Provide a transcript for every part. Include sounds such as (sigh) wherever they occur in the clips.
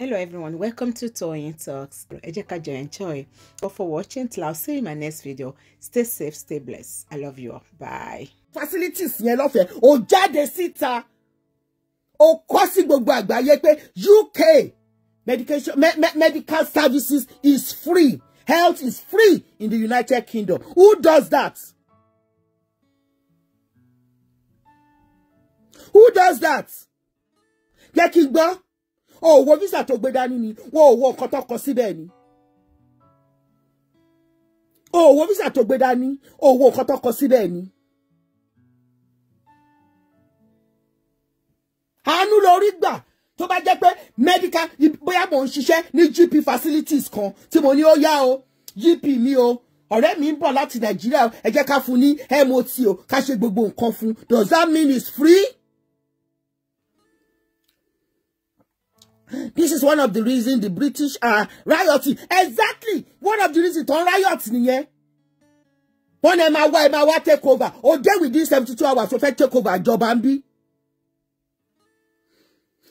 Hello everyone, welcome to Toyeen Talks. Ẹ jẹ́ ká enjoy. But for watching till I'll see you in my next video. Stay safe, stay blessed. I love you all. Bye. Facilities yẹn lọ́fẹ̀ẹ́, ó jáde síta, sita kọ́ sí gbogbo UK medication me, me, medical services is free. Health is free in the United Kingdom. Who does that? Who does that? Jẹ́ kí n o ò wo visa to gbé dání ni wọn ò wo nǹkan tó kọ síbẹ̀ ni o ò wo visa tó gbé dání o ò wo nǹkan tó kọ síbẹ̀ ni. àánú lórí gbà tó bá jẹ́ pé medical bóyá mò ń ṣiṣẹ́ GP facilities kan tí mo ní ó yá o GP mi o ọ̀rẹ́ mi ń bọ̀ láti Nàìjíríà ẹ jẹ́ ká fún ní MOT o ká ṣe gbogbo nǹkan fún does that mean it's free? this is one of the reasons the British are rioting exactly one of the reasons to ń riot one of my wife, my wife take over o dey within seventy two hours o take over ìjọba ń bí.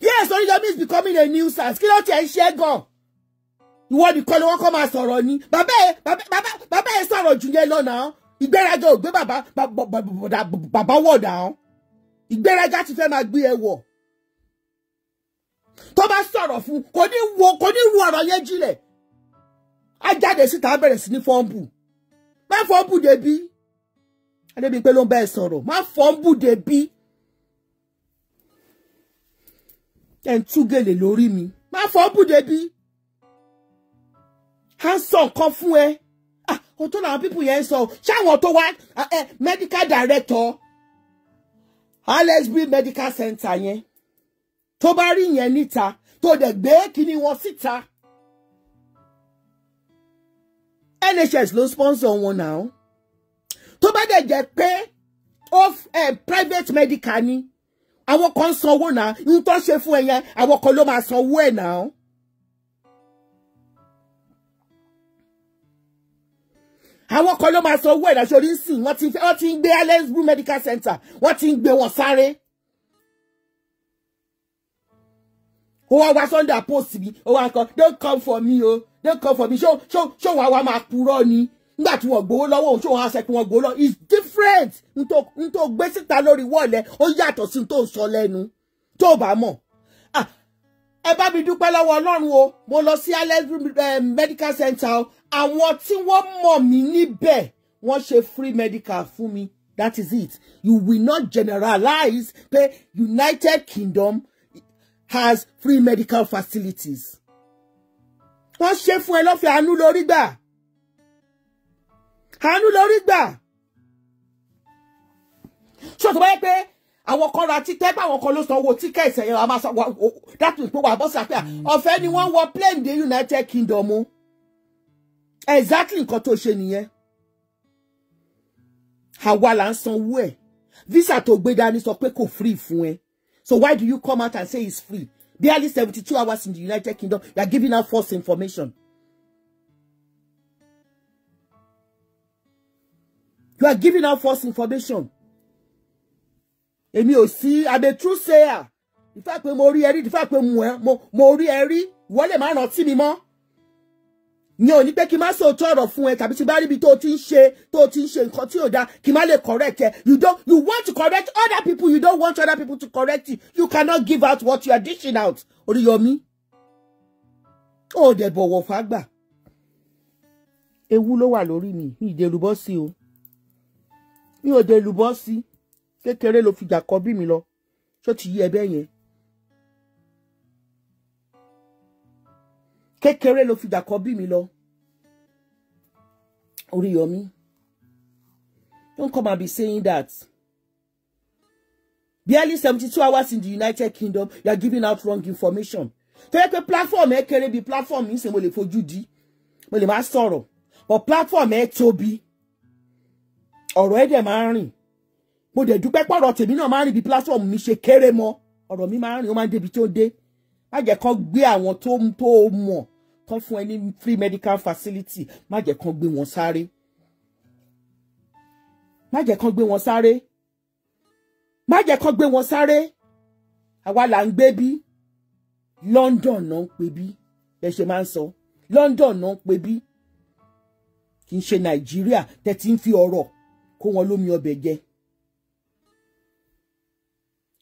yes Oriyomi is becoming a nuisance kí ló tiẹ̀ ń ṣe gan ìwọ nìkan ni wọ́n kọ́ máa sọ̀rọ̀ ni bàbá ẹ bàbá ẹ sọ̀rọ̀ jù yẹn lọ́nà ìgbéraga ò gbé bàbá bàbá wọ̀ dà ìgbéraga ti fẹ́ máa gbé ẹ wọ̀ tó bá sọ̀rọ̀ fún kò ní wo kò ní ru ọ̀rọ̀ yẹn jílẹ̀ á jáde síta bẹ̀rẹ̀ sí ní fọ́ǹbù má fọ́ǹbù débi adébí pé ló ń bẹ́ẹ̀ sọ̀rọ̀ má fọ́ǹbù débi ẹ̀ ń tú gèlè lórí mi má fọ́ǹbù débi á sọ nǹkan fún ẹ kò ah, tó làwọn pípù yẹn ń sọ ṣáwọn tó wá eh, eh, medical director Alex medical center yẹn tó bá rí yẹn níta tó dẹ̀ gbé kíní wọn síta NHS ló sponsor wọn náà tó bá dẹ̀ jẹ́ pé ó private medical ni àwọn kan sanwó náà ń tó ṣe fún ẹ yẹn àwọn kan ló máa sanwó ẹ náà. àwọn kan ló máa sanwó ẹ náà sórí sìn wọ́n ti ń gbé alex blue medical center wọ́n ti ń gbé wọn sáré. ó wá wá sunday post mi Oh, wá kọ don come for me oh! Don't come for me Show, show, show wàá wá máa purọ́ ni nígbà tí wọ́n gbowó lọ́wọ́ òun ṣó wàá ṣe pé wọ́n different n tó basic síta lórí Oh yeah, yàtọ̀ sí n tó sọ lẹ́nu tó bá mọ̀ ah, ẹ bá mi dúpẹ́ lọ́wọ́ mo lọ sí eh, medical center o àwọn tí wọ́n mọ̀ mí níbẹ̀ wọ́n ṣe free medical for me. that is it you will not generalize pé united kingdom has free medical facilities. Wọ́n ṣe fún ẹ lọ́fẹ̀ẹ́ àánú lórí gbà. Àánú lórí gbà. Ṣé o tó bá yẹ pé àwọn kan ra títẹ́ pé àwọn kan ló san owó tíkẹ́ẹ̀tì ẹ̀yẹ àmà sọ dátù ìpò wà bọ́sà pé ọ̀fẹ́ ni wọ́n wọ plane dé United Kingdom Exactly nǹkan tó ṣe nìyẹn. Àwa là ń sanwó ẹ̀. Visa tó gbé dání sọ pé kò free fún ẹ. So why do you come out and say it's free? Barely 72 hours in the United Kingdom, you are giving out false information. You are giving out false information. Èmi ò sí, I'm a true sayer. Ìfẹ́ pé mo rí ẹrí, ìfẹ́ pé mo rí ẹrí, ìwọ lè má rántí mi mọ́ ni ò ní pé kí n má sòótọ́ ọ̀rọ̀ fún ẹ tàbí tí bá ríbi tó ti ń ṣe tó ti ń ṣe nǹkan tí ò dáa kí n correct you don't you want to correct other people you don't want other people to correct you you cannot give out what you are dishing out Oríyọmí ó dẹ̀ bọ̀wọ̀ fágbà ewu ló wà lórí mi mi ìdèrúbọ́ sí o mi ò dèrúbọ́ sí kékeré ló fi jà kọ́ bí mi lo. ṣó ti yí ẹ bẹ́ẹ̀ kékeré ló fi dàkọ bí mi lọ Oríyọ̀mí don't come and be saying that barely seventy two hours in the United Kingdom you are giving out wrong information tó yẹ pé platform ẹ kéré bíi platform yìí ṣe mo lè fojú di mo lè má sọ̀rọ̀ but platform ẹ tóbi ọ̀rọ̀ ẹ dẹ̀ máa ń rìn mo dẹ̀ dúpẹ́ pọ̀rọ̀ tèmi náà máa ń rìn bí platform mi ṣe kéré mọ́ ọ̀rọ̀ mi máa ń rìn ó máa ń débi tó dé má jẹ́ kán gbé àwọn tó tó mọ̀ kán fún ẹ ní free medical facility má jẹ́ kán gbé wọn sáré má jẹ́ kán gbé wọn sáré má jẹ́ kán gbé wọn sáré àwa là ń gbé bí London náà ń pè bí bẹ́ẹ̀ ṣe máa ń sọ London náà ń pè bí kì í ṣe Nàìjíríà tẹ̀ tí ń fi ọ̀rọ̀ kó wọn lómi ọbẹ̀ jẹ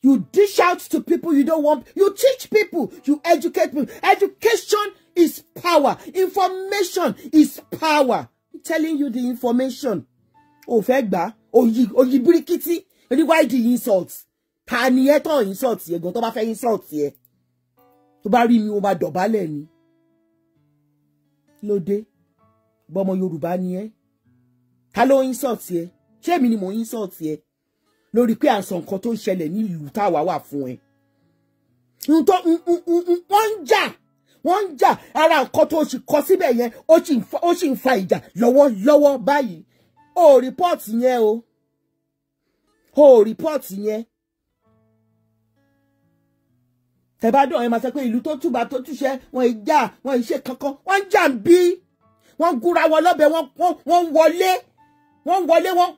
You dish out to people you don't want. You teach people. You educate people. Education is power. Information is power. I'm telling you the information. O fẹ́ oh, you break it. eri why the insults. Ta ni ẹ tán insult yẹ gan tó bá fẹ́ insult yẹ? Tó bá rí mi, mo máa dọ̀bálẹ̀ ni. Lóde, bọ́mọ Yorùbá ni ẹ́. Ta ló insult yẹ? Ṣé èmi mo insult yẹ? lórí pé à ń sọ nǹkan tó ń ṣẹlẹ̀ ní ìlú táwa wà fún ẹ wọ́n ń jà wọ́n ń jà ara nǹkan tó sì kọ síbẹ̀ yẹn ó sì ń fa ìjà lọ́wọ́lọ́wọ́ báyìí o rìpọ́ọ̀tì yẹn o o rìpọ́ọ̀tì yẹn tẹ̀bádùn ẹ̀ máa sọ pé ìlú tó túbà tó túṣẹ́ wọn ì jà wọn ì ṣe kankan wọ́n ń jà ń bí wọ́n gúnra wọn lọ́bẹ̀ wọ́n wọlé wọ́n wọlé wọ́n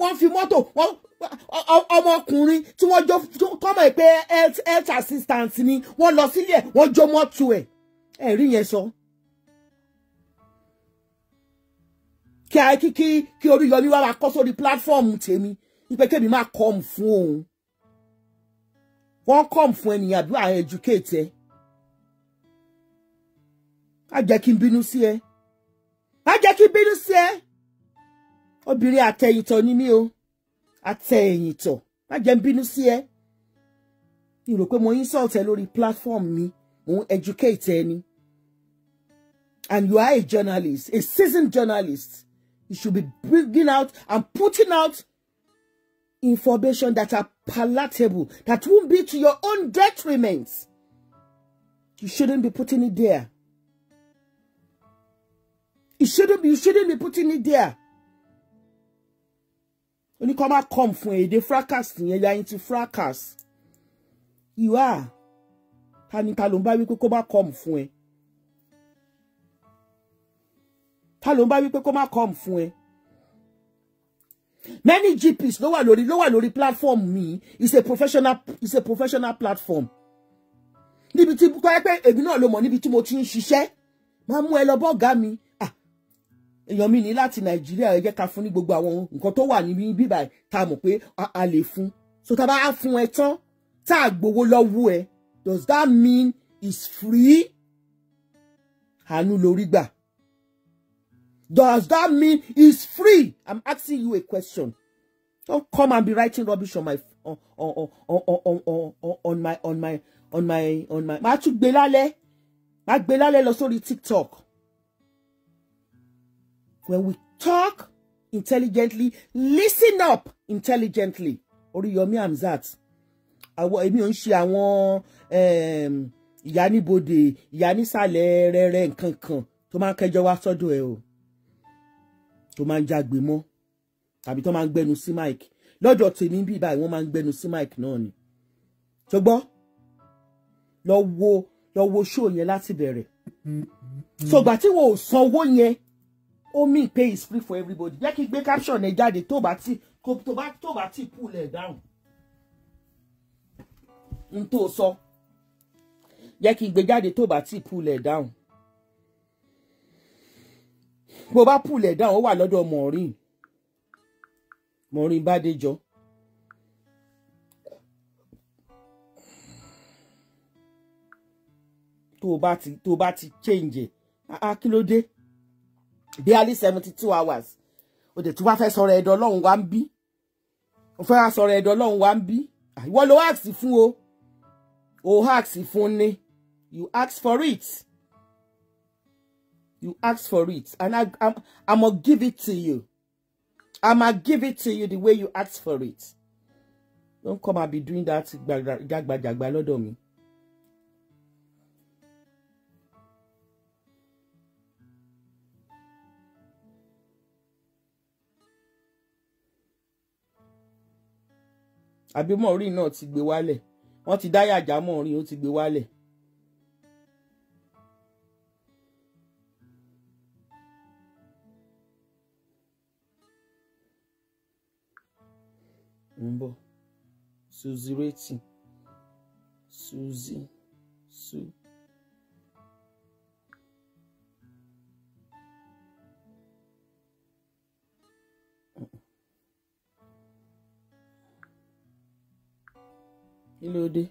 wọ́n fi mọ́tò wọ́n ọmọkùnrin tí wọ́n jọ kọ́mọ̀ pé health health assistant ni wọ́n lọ sílẹ̀ wọ́n jọ mọ́tò ẹ̀ ẹ̀rí yẹn sọ. kí a kí kí kí Oríyọmí wá wa kọ́ sórí pílátífọ́ọ̀mù tèmi ipe kébì máa kọ́m fún òun wọ́n kọ́m fún ènìyàn àbí àwọn educate ẹ̀ á jẹ́ kí n bínú sí ẹ á jẹ́ kí n bínú sí ẹ obìnrin àtẹ̀yìntọ̀ ni mí o àtẹ̀yìntọ̀ má jẹ́ ń bínú sí ẹ mi rò pé mo insult ẹ lórí platform mi mo ń educate ẹ and you are a journalist a seasoned journalist you should be bringing out and putting out information that are palatable that won't be to your own detriment you shouldn't be putting it there you shouldn't be, you shouldn't be putting it there ó come out come for ẹ They fracas yẹn are into fracas You are. ni ta ló ń bá come for ẹ Talumba ló ń come for ẹ many gps ló wà lórí ló wà lórí platform me is a professional is a professional platform níbi tí kọ́ ẹ pé èmi náà ló mọ̀ mo ti ń ṣiṣẹ́ máa mú ẹ lọ mi èèyàn mi ní láti nàìjíríà ẹ jẹ́ ká fún ní gbogbo àwọn nǹkan tó wà níbi bíbà tá a mọ̀ pé a lè fún so tá a bá á fún ẹ tán tá a gbowó lọ́wọ́ ẹ does that mean it's free? àánú lórí gbà does that mean it's free? I'm asking you a question don't come and be writing rubbish on my on on my on my on my on my. màá tún gbé lálẹ́ màá gbé lálẹ́ lọ sórí TikTok when we talk intelligently listen up intelligently Oríyọmí Hamzat àwọn èmi ò ń ṣe àwọn ehm, ìyá níbodè ìyá nísàlẹ̀ rẹ̀rẹ̀ nǹkan kan tó máa ń kẹjọ wá sọ́dọ̀ ẹ o tó máa ń jágbe mọ́ tàbí tó máa ń gbẹnu sí mike lọ́dọ̀ tèmi bíi báyìí wọ́n máa ń gbẹnu sí mike náà ni tó lọ wo lọ wo ṣó yẹn láti bẹ̀rẹ̀ sọgbà tí wọn ò sanwó yẹn omi pay is free for everybody jẹ́ kí gbé caption ẹ̀ jáde tó bá tí tó bá tó bá tí pull ẹ̀ down n tó sọ jẹ́ kí gbé jáde tó bá tí pull ẹ̀ down bó bá pull ẹ̀ down ó wà lọ́dọ̀ Maureen Maureen Bádéjọ. tó bá ti tó bá ti change ẹ̀ á ah, ah, kí ló dé barely seventy two hours o dẹ̀ tún wá fẹ́ sọ̀rọ̀ ẹ̀dọ̀ ọlọ́run wá ń bí o fẹ́ wá sọ̀rọ̀ ẹ̀dọ̀ ọlọ́run wá ń bí ìwọ ask fún o o ask fún ni you ask for it you ask for it and I, I'm, I'm gonna give it to you I'm gonna give it to you the way you ask for it don't come and be doing that gbàgbàgbà lọ́dọ̀ mi. àbí mọ̀ọ́rìn náà ti gbé wálẹ̀ wọ́n ti dáyàjá mọ̀ọ́rìn ó ti gbé wálẹ̀. ń bọ̀ suzireti suzi su. kí ló dé.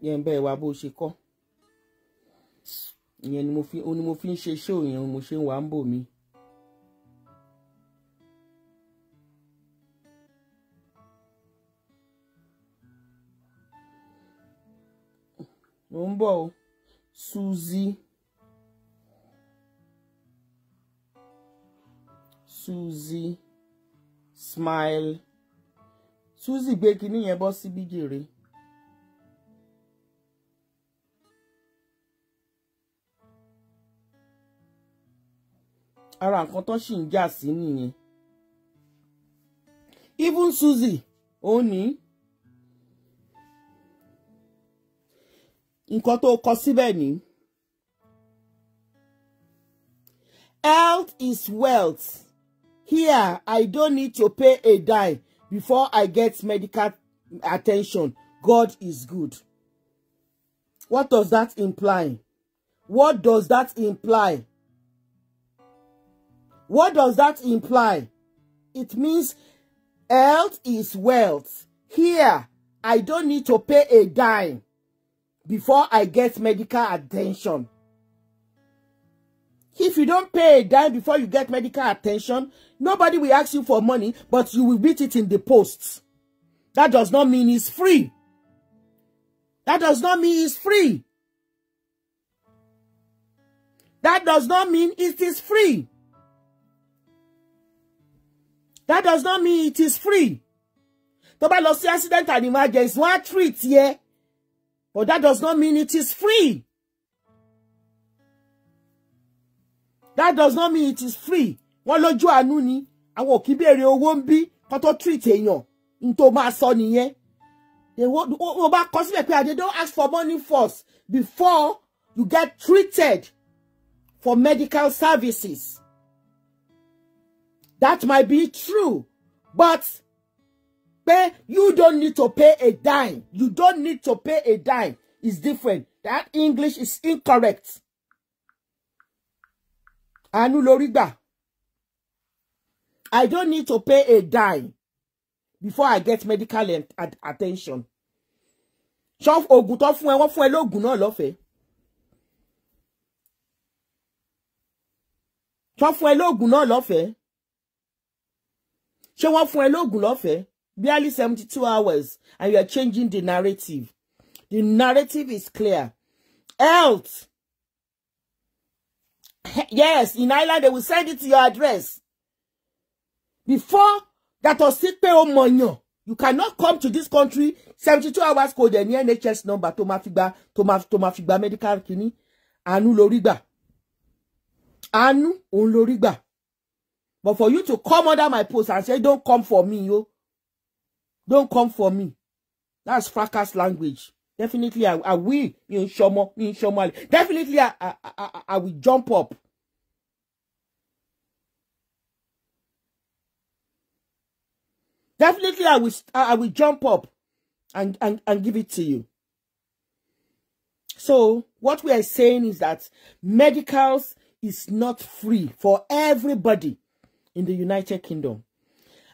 yẹn bẹ́ẹ̀ wá bó ṣe kọ́ ìyẹn ni mo fi ó ní mo fi ń ṣe ṣé òyìn mo ṣe ń wà ń bò mí. mo ń bọ̀ o Suzy. Susie, smile Susie, gbé kinní yẹn bọ́ síbí jèrè. ara nǹkan tó sì ń jà sí nìyẹn even Susie, ó ní nǹkan tó kọ síbẹ̀ ní. Health is wealth. Here, I don't need to pay a dime before I get medical attention. God is good. What does that imply? What does that imply? What does that imply? It means health is wealth. Here, I don't need to pay a dime before I get medical attention. If you don't pay a dime before you get medical attention, nobody will ask you for money, but you will beat it in the posts. That does not mean it's free. That does not mean it's free. That does not mean it is free. That does not mean it is free. Tó bá lọ accident and emergency, one treat yeah. But that does not mean it is free. that does not mean it is free wọ́n lójú àánú ni àwọn òkì béèrè owó ń bí kó tó treat èèyàn n tó máa sọ nìyẹn mo bá kọ sílẹ̀ pé ah, they don't ask for money first before you get treated for medical services that might be true but pay you don't need to pay a dime you don't need to pay a dime is different that English is incorrect àánú lórí gbà I don't need to pay a dime before I get medical attention ṣọ oògùn tó fún ẹ wọ́n fún ẹ lóògùn náà lọ́fẹ̀ẹ́ ṣọ fún ẹ lóògùn náà lọ́fẹ̀ẹ́ ṣé wọ́n fún ẹ lóògùn lọ́fẹ̀ẹ́ barely seventy two hours and you are changing the narrative the narrative is clear health (laughs) yes, in Ireland, they will send it to your address. Before that was sick pay money. You cannot come to this country 72 hours code any NHS number tó ma fi gba tó ma medical kini Anu lórí Anu àánú òun but for you to come under my post and say don't come for me yo don't come for me that's fracas language Definitely, I, I will. In Shomo, Definitely, I, I, I, I will jump up. Definitely, I will, I will jump up and, and, and give it to you. So, what we are saying is that medicals is not free for everybody in the United Kingdom.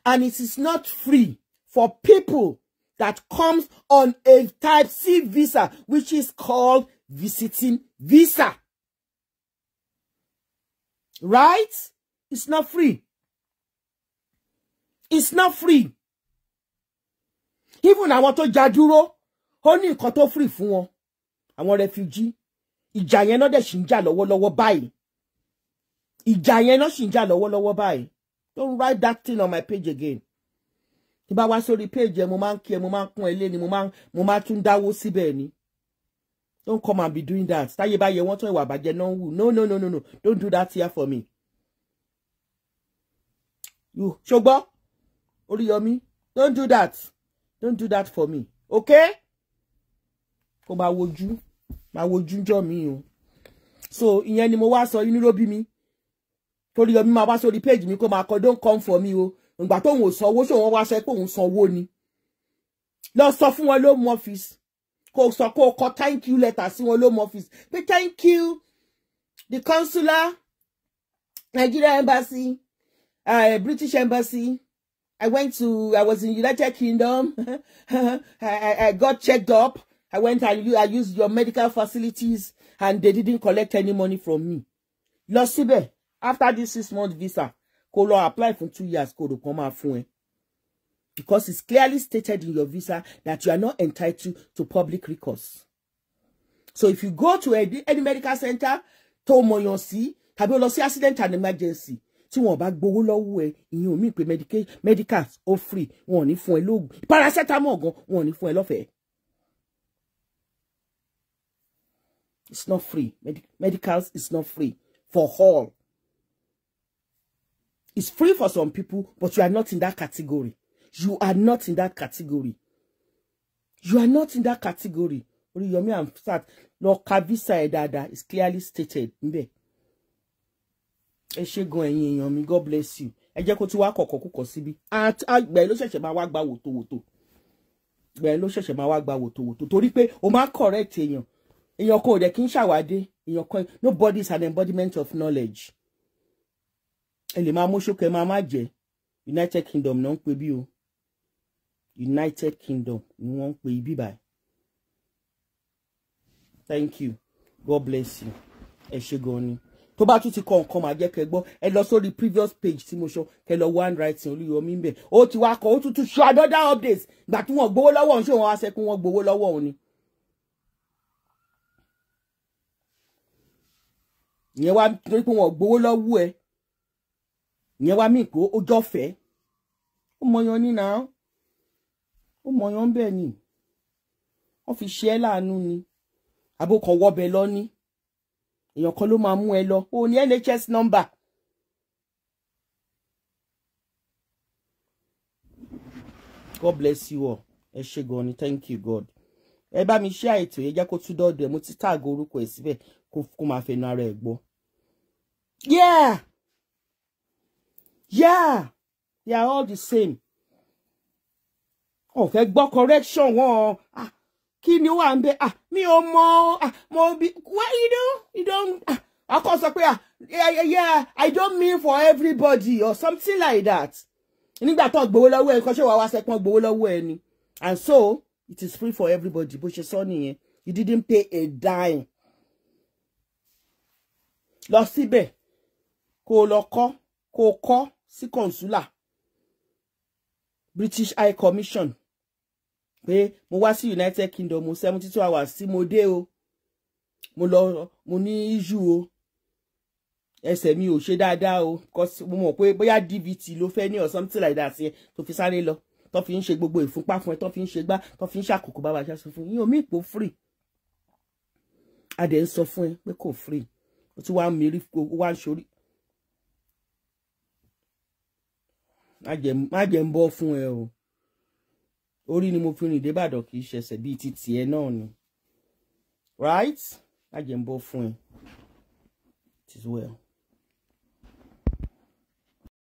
And it is not free for people that comes on a type C visa, which is called visiting visa. Right? It's not free. It's not free. Even àwọn to já dúró, ó ní nǹkan tó free fún wọn. Àwọn refugee. Ìjà yẹn náà dẹ̀ ṣì ń jà lọ́wọ́lọ́wọ́ báyìí. Ìjà yẹn náà ṣì ń jà lọ́wọ́lọ́wọ́ báyìí. Don't write that thing on my page again tí bá wá sórí péèjì mo máa ń mo máa ń kún ni mo máa mo máa tún dáwó síbẹ̀ ni don't come and be doing that táyé bá yẹ wọ́n tán ìwà àbàjẹ́ no no no no no don't do that here for me. you ṣùgbọ́n Oríyọmí don't do that don't do that for me okay kó máa wojú máa wojú jọ mí o so ìyẹn ni mo wá sọ inú ló bí mi Oríyọmí máa wá sórí péèjì mi kó máa kọ don't come for me o. Oh ìgbà tóun ò sanwó ṣé òun wá sọ pé òun sanwó ni lọ sọ fún wọn lóòmù ọ́fíìsì kò sọ kó kọ thank you letter sí wọn lóòmù ọ́fíìsì pé thank you the consular Nigeria embassy uh, British embassy I went to I was in United Kingdom (laughs) I, I got checked up I went and I used your medical facilities and they didn't collect any money from me lọ síbẹ̀ after this six month visa kó lọ apply for two years kó o kàn máa fún because it's clearly stated in your visa that you are not entitled to public recourse so if you go to any, any medical center tó mọyàn sí tàbí o lọ sí accident and emergency tí wọn bá gbowó lọ́wọ́ ẹ ìyẹn omi pé medicals ó free wọn ò ní fún ẹ lóògùn paracetamol gan wọn ò ní fún ẹ it's not free Medi medicals is not free for all It's free for some people, but you are not in that category. You are not in that category. You are not in that category. Oriyomi Amsat, lọ ka visa ẹ̀ dáadáa is clearly stated ńbẹ̀. Ẹ go gan ẹ̀yin èèyàn God bless you. Eje jẹ́ kó koko wá kọ̀kọ̀ At, síbi. Àgbẹ̀ ló ṣẹ̀ṣẹ̀ máa woto woto. wòtòwòtò. Àgbẹ̀ ló ṣẹ̀ṣẹ̀ máa woto. gba wòtòwòtò torí pé o máa correct èèyàn. Èèyàn kan ò dẹ̀ kí ń ṣàwádé. Èèyàn nobody is an embodiment of knowledge ẹ lè máa móṣó kẹ máa má united kingdom no ń pè bí o united kingdom ni wọ́n ń pè ibí thank you god bless you ẹ ṣe gan ni tó bá tún ti kọ nǹkan màá jẹ́ kẹ́ gbọ́ ẹ lọ sórí previous page tí mo sọ kẹ́ lọ one writing olúyọmí ń bẹ̀ ó ti wá kọ ó tún tún ṣe another update gbà tí wọ́n gbowó lọ́wọ́ òun ṣé wọ́n wá sẹ́kún wọ́n gbowó lọ́wọ́ òun ni. ìyẹn wá torí pé wọ́n gbowó lọ́wọ́ ẹ ìyẹn wá mí pé ó jọ́fẹ́ ó mọyàn ní náà ó mọyàn bẹ́ẹ̀ ni wọ́n fi ṣe ẹ́ láàánú ni àbókọ̀ wọ́bẹ̀ lọ ní èèyàn kan ló máa mú ẹ lọ ó ní NHS number God bless you all. Ẹ ṣé gan thank you God. Ẹ bá mi share ètò yẹn jẹ́ kó tún dọ́dọ̀ ẹ̀ mo ti táàgì orúkọ ẹ̀ síbẹ̀ kó máa fẹnu ara ẹ̀ gbọ́. Yeah! yeah they are all the same Oh, fẹ́ gbọ́ correction wọn ah kí ni wà ń ah mi ò mọ ah mo bi why you know you don't? ah akọ sọ pé ah yeah yeah i don't mean for everybody or something like that nígbà tó gbowó lọ́wọ́ ẹ kọ́ṣẹ́ wàá wá sẹ́pọ̀n gbowó lọ́wọ́ ẹ ni and so it is free for everybody bó ṣe sọ nìyẹn you didn't pay a dime lọ síbẹ̀ kó o lọ kọ́ kó sí consular British High Commission pé mo wá sí United Kingdom mo seventy two hours tí mo dé o mo lọ mo ní issue o ẹsẹ̀ mi ò ṣe dáadáa o because mo mọ̀ pé bóyá DVT ló fẹ́ ní or something like that yẹn tó fi sáré lọ tó fi ń ṣe gbogbo ìfúnpá fún ẹ tó fi ń ṣe gbá tó fi ń ṣàkókò bàbá aṣá sọ fún yín omi ìpò free adẹ̀ ń sọ fún ẹ pé kò free o tún wá ń mìírí wá ń ṣorí má jẹ́ ń bọ́ fún ẹ o orí ni mo fi rìn débàdàn kì í ṣẹ̀ṣẹ̀ bíi ti tiẹ̀ náà ni right má jẹ́ ń bọ́ fún ẹ it is well.